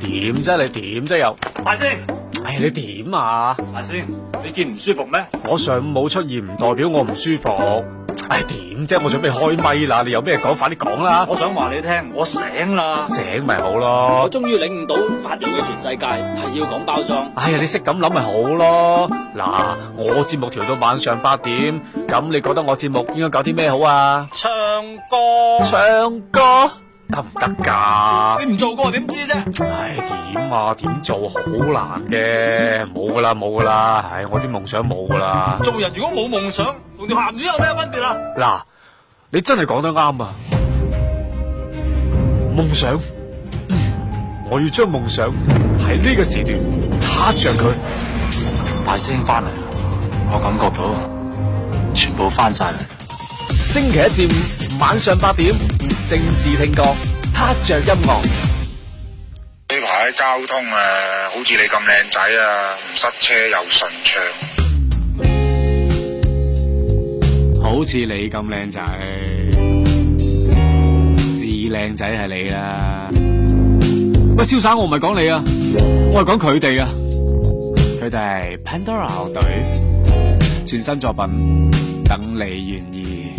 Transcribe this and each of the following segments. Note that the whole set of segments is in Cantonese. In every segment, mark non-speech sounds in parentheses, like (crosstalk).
點啫、啊？你點啫、啊、又？快先仙！哎呀，你點啊？快先！你見唔舒服咩？我上午冇出現，唔代表我唔舒服。哎，點啫、啊？我準備開咪啦，你有咩講？快啲講啦！我想話你聽，我醒啦，醒咪好咯。我終於領悟到發揚嘅全世界係要講包裝。哎呀，你識咁諗咪好咯？嗱，我節目調到晚上八點，咁你覺得我節目應該搞啲咩好啊？唱歌，唱歌。得唔得噶？行行，你唔做過點知啫？唉，點啊？點做好難嘅，冇噶啦，冇噶啦，唉、哎，我啲夢想冇噶啦。做人如果冇夢想，同條鹹魚有咩分別啊？嗱，你真係講得啱啊！夢想，嗯、我要將夢想喺呢個時段撻着佢，大聲翻嚟，我感覺到全部翻晒嚟。星期一至五晚上八點。正式聽歌，拍著音樂。呢排交通誒，好似你咁靚仔啊，唔塞車又順暢。好似你咁靚仔，最靚仔係你啦。喂，蕭生，我唔係講你啊，我係講佢哋啊。佢哋係 Pandora 隊，全新作品等你願意。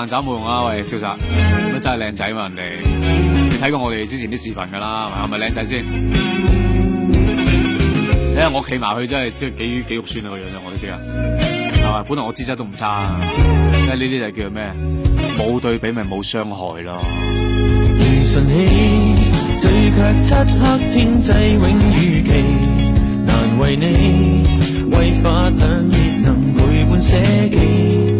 扮醜冇用啊！喂，瀟灑，乜真係靚仔嘛？人哋，你睇過我哋之前啲視頻噶啦，係咪靚仔先？ (music) 因為我企埋去，真係，即係幾幾肉酸啊個樣我都知啊，係嘛？ (music) 本來我資質都唔差啊，即係呢啲就叫咩？冇對比咪冇傷害咯。如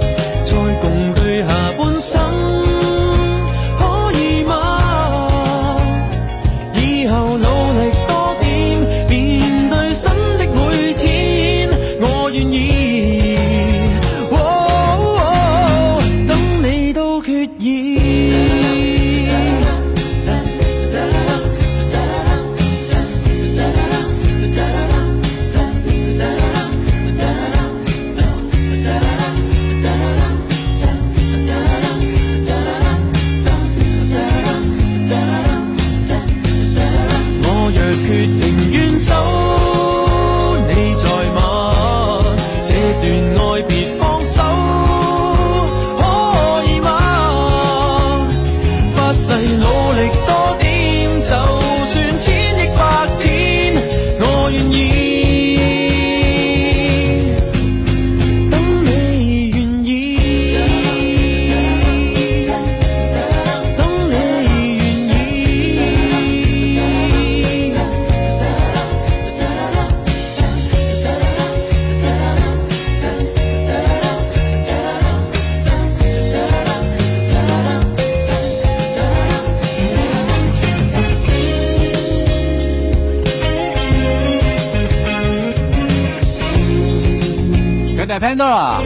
係 Pandora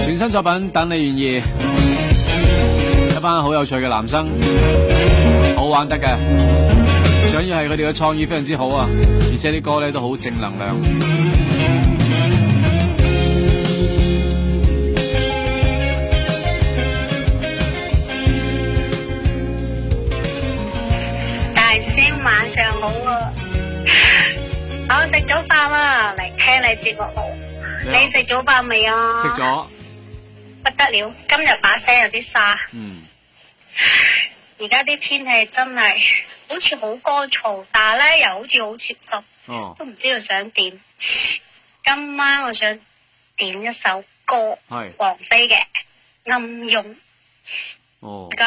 全新作品等你願意。一班好有趣嘅男生，好玩得嘅，主要係佢哋嘅創意非常之好啊，而且啲歌咧都好正能量。大聲，晚上好啊，我食咗飯啦，嚟聽你節目。你食早飯未啊？食咗了。不得了，今日把聲有啲沙。嗯。而家啲天氣真係，好似好乾燥，但係咧又好似好潮濕。哦。都唔知道想點。今晚我想點一首歌。係。王菲嘅《暗湧》。哦。唔該。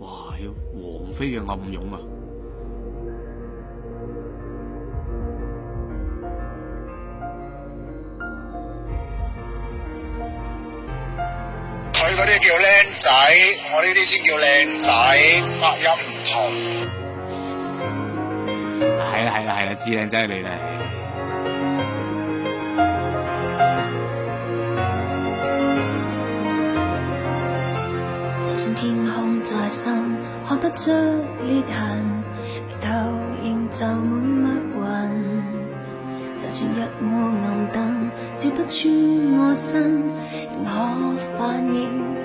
哇！要王菲嘅《暗湧》啊。仔，我呢啲先叫靚仔，發音唔同。係啦係啦係啦，智靚仔嚟。啊啊啊、 (music) 就算天空再深，看不出裂痕，眉頭仍聚滿密雲。就算一屋暗燈照不穿我身，仍可反映。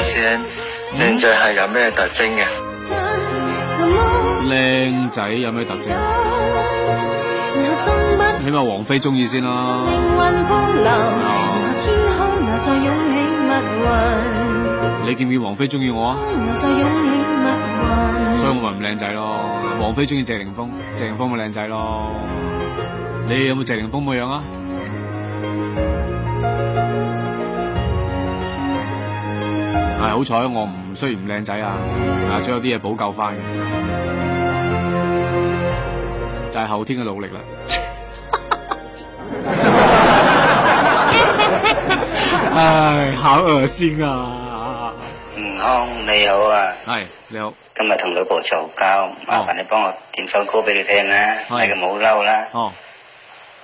靚靚仔係有咩特徵嘅？靚仔有咩特徵？起碼王菲中意先啦。你見唔見王菲中意我啊？我所以我咪唔靚仔咯。王菲中意謝霆鋒，謝霆鋒咪靚仔咯。嗯、你有冇謝霆鋒咁樣啊？係好彩，我唔雖然唔靚仔啊，啊，仲有啲嘢補救翻嘅，就係後天嘅努力啦。哎，好惡心啊！浩康你好啊，係你好，今日同老婆嘈交，麻煩你幫我點首歌俾你聽啦，睇佢冇嬲啦。哦，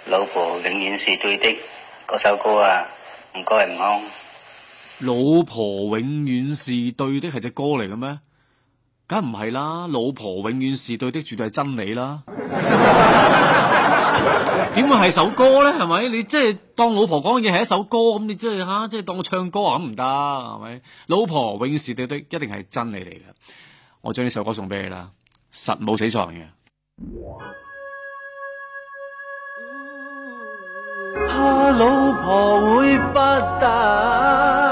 老婆永遠是對的，嗰首歌啊，唔該浩康。老婆永遠是對的，係隻歌嚟嘅咩？梗唔係啦，老婆永遠是對的，絕對係真理啦。點 (laughs) 會係首歌咧？係咪？你即係當老婆講嘅嘢係一首歌咁？你即係吓，即、啊、係、就是、當我唱歌啊？咁唔得，係咪？老婆永遠是對的，一定係真理嚟嘅。我將呢首歌送俾你啦，實冇死床嘅。怕老婆會發達。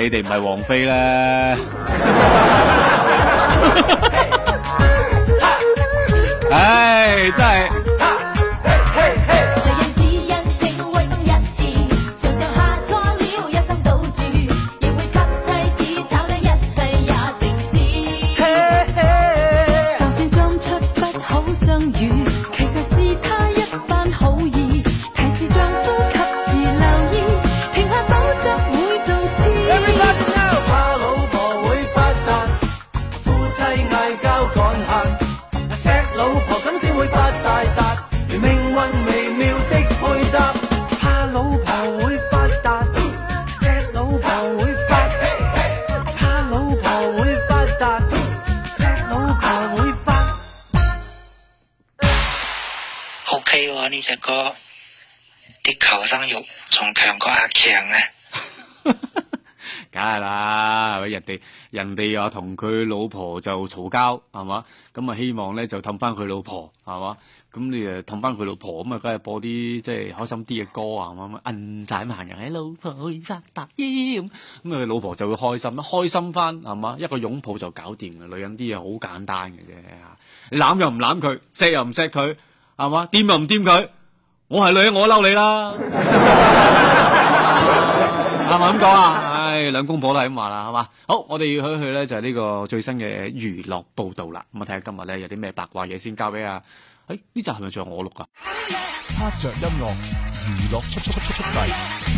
你哋唔係王菲啦，唉，真係。呢隻歌啲求生欲仲強過阿強啊！梗係啦，係咪人哋人哋又同佢老婆就嘈交，係嘛？咁啊希望咧就氹翻佢老婆，係嘛？咁你誒氹翻佢老婆，咁啊梗係播啲即係開心啲嘅歌啊，咁樣，摁晒萬人喺老婆發大煙，咁咁啊，佢老婆就會開心，開心翻，係嘛？一個擁抱就搞掂啦，女人啲嘢好簡單嘅啫，你攬又唔攬佢，錫又唔錫佢。係嘛？掂又唔掂佢，我係女，我嬲你啦，係咪咁講啊？唉，兩公婆都係咁話啦，係嘛？好，我哋要去去咧就係呢個最新嘅娛樂報道啦。咁、欸、啊，睇下今日咧有啲咩八卦嘢先，交俾阿，哎，呢集係咪仲有我錄啊？哼着音樂，娛樂速速速速遞。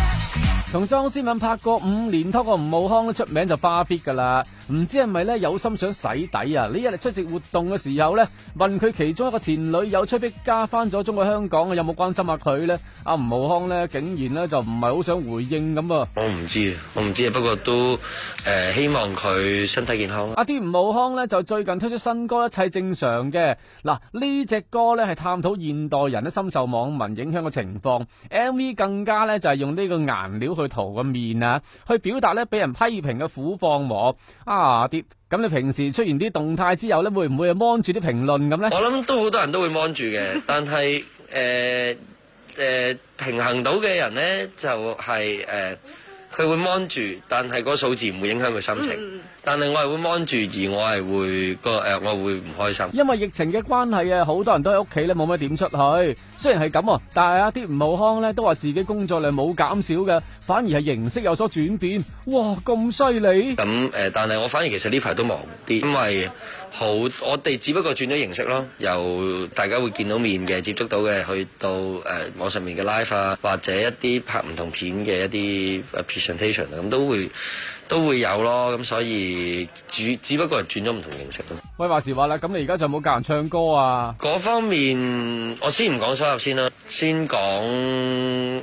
同莊思敏拍過五年拖個吳浩康出名就花 fit 噶啦，唔知係咪咧有心想洗底啊？呢一日出席活動嘅時候咧，問佢其中一個前女友出邊加翻咗中國香港，有冇關心下佢咧？阿吳浩康咧，竟然咧就唔係好想回應咁。我唔知，我唔知，不過都誒、呃、希望佢身體健康。阿啲吳浩康咧就最近推出新歌《一切正常》嘅，嗱呢隻歌咧係探討現代人咧深受網民影響嘅情況，M V 更加咧就係、是、用呢個顏料去。去圖個面啊，去表達咧俾人批評嘅苦況和啊碟咁。你平時出現啲動態之後咧，會唔會啊望住啲評論咁咧？我諗都好多人都會望住嘅，但係誒誒平衡到嘅人咧就係誒，佢會望住，但係嗰個數字唔會影響佢心情。 (laughs) 但係我係會關住，而我係會個誒、呃，我會唔開心。因為疫情嘅關係啊，好多人都喺屋企咧，冇乜點出去。雖然係咁啊，但係一啲吳浩康咧，都話自己工作量冇減少嘅，反而係形式有所轉變。哇，咁犀利！咁誒、呃，但係我反而其實呢排都忙啲，因為好我哋只不過轉咗形式咯，由大家會見到面嘅、接觸到嘅，去到誒網、呃、上面嘅 live 啊，或者一啲拍唔同片嘅一啲 presentation 啊，咁都會。都會有咯，咁所以只，只不過係轉咗唔同形式咯。喂，話時話啦，咁你而家仲有冇教人唱歌啊？嗰方面，我先唔講收入先啦，先講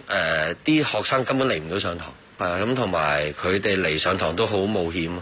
誒啲學生根本嚟唔到上堂。咁同埋佢哋嚟上堂都好冒險，啊，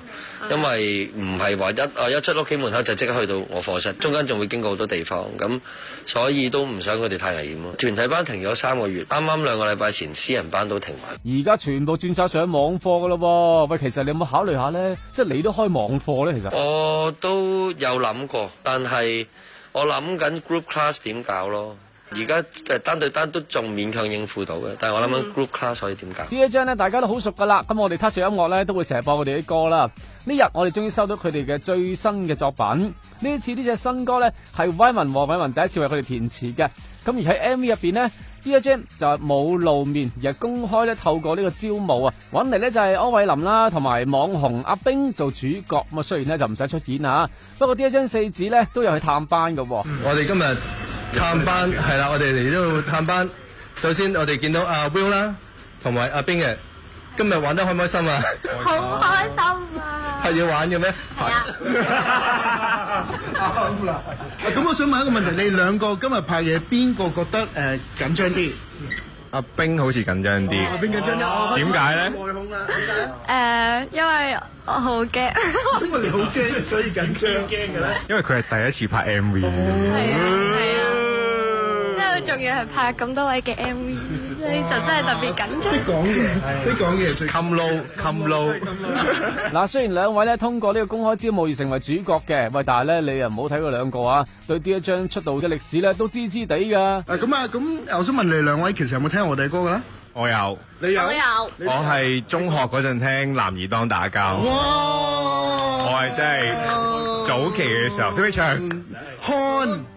因為唔係話一啊一出屋企門口就即刻去到我課室，中間仲會經過好多地方，咁所以都唔想佢哋太危險咯，啊。團體班停咗三個月，啱啱兩個禮拜前私人班都停埋，而家全部轉晒上網課噶咯喎。喂，其實你有冇考慮下呢？即係你都開網課呢？其實我都有諗過，但係我諗緊 group class 點搞咯。而家誒單對單都仲勉強應付到嘅，但係我諗緊 group class 可以點解、嗯、呢一張咧大家都好熟噶啦，咁我哋 touch 住音樂咧都會成日播佢哋啲歌啦。呢日我哋終於收到佢哋嘅最新嘅作品。呢一次呢隻新歌咧係 Wyman 黃偉文第一次為佢哋填詞嘅。咁而喺 MV 入邊呢，呢一張就係冇露面，而係公開咧透過呢個招募啊揾嚟，咧就係柯偉林啦、啊，同埋網紅阿冰做主角。咁雖然咧就唔使出演啊，不過呢一張四子咧都有去探班嘅、啊。我哋今日，探班係啦，我哋嚟呢度探班。首先我哋見到阿 Will 啦，同埋阿冰嘅，今日玩得開唔開心啊？好開心啊！拍嘢玩嘅咩？係啊。咁我想問一個問題，你兩個今日拍嘢，邊個覺得誒緊張啲？阿冰好似緊張啲。阿冰緊張啲？點解咧？外控啦。點解誒，因為我好驚。因為你好驚，所以緊張。驚嘅咧？因為佢係第一次拍 MV。係啊。仲要係拍咁多位嘅 MV，你就真係特別緊張。識講嘅，識講嘅，擒路，擒路。嗱，雖然兩位咧通過呢個公開招募而成為主角嘅，喂，但係咧你又唔好睇佢兩個啊，對呢一張出道嘅歷史咧都知知地噶。誒，咁啊，咁我想問你兩位，其實有冇聽我哋歌嘅咧？我有，你有，我係中學嗰陣聽《男兒當打交》，我係真係早期嘅時候，點會唱？看。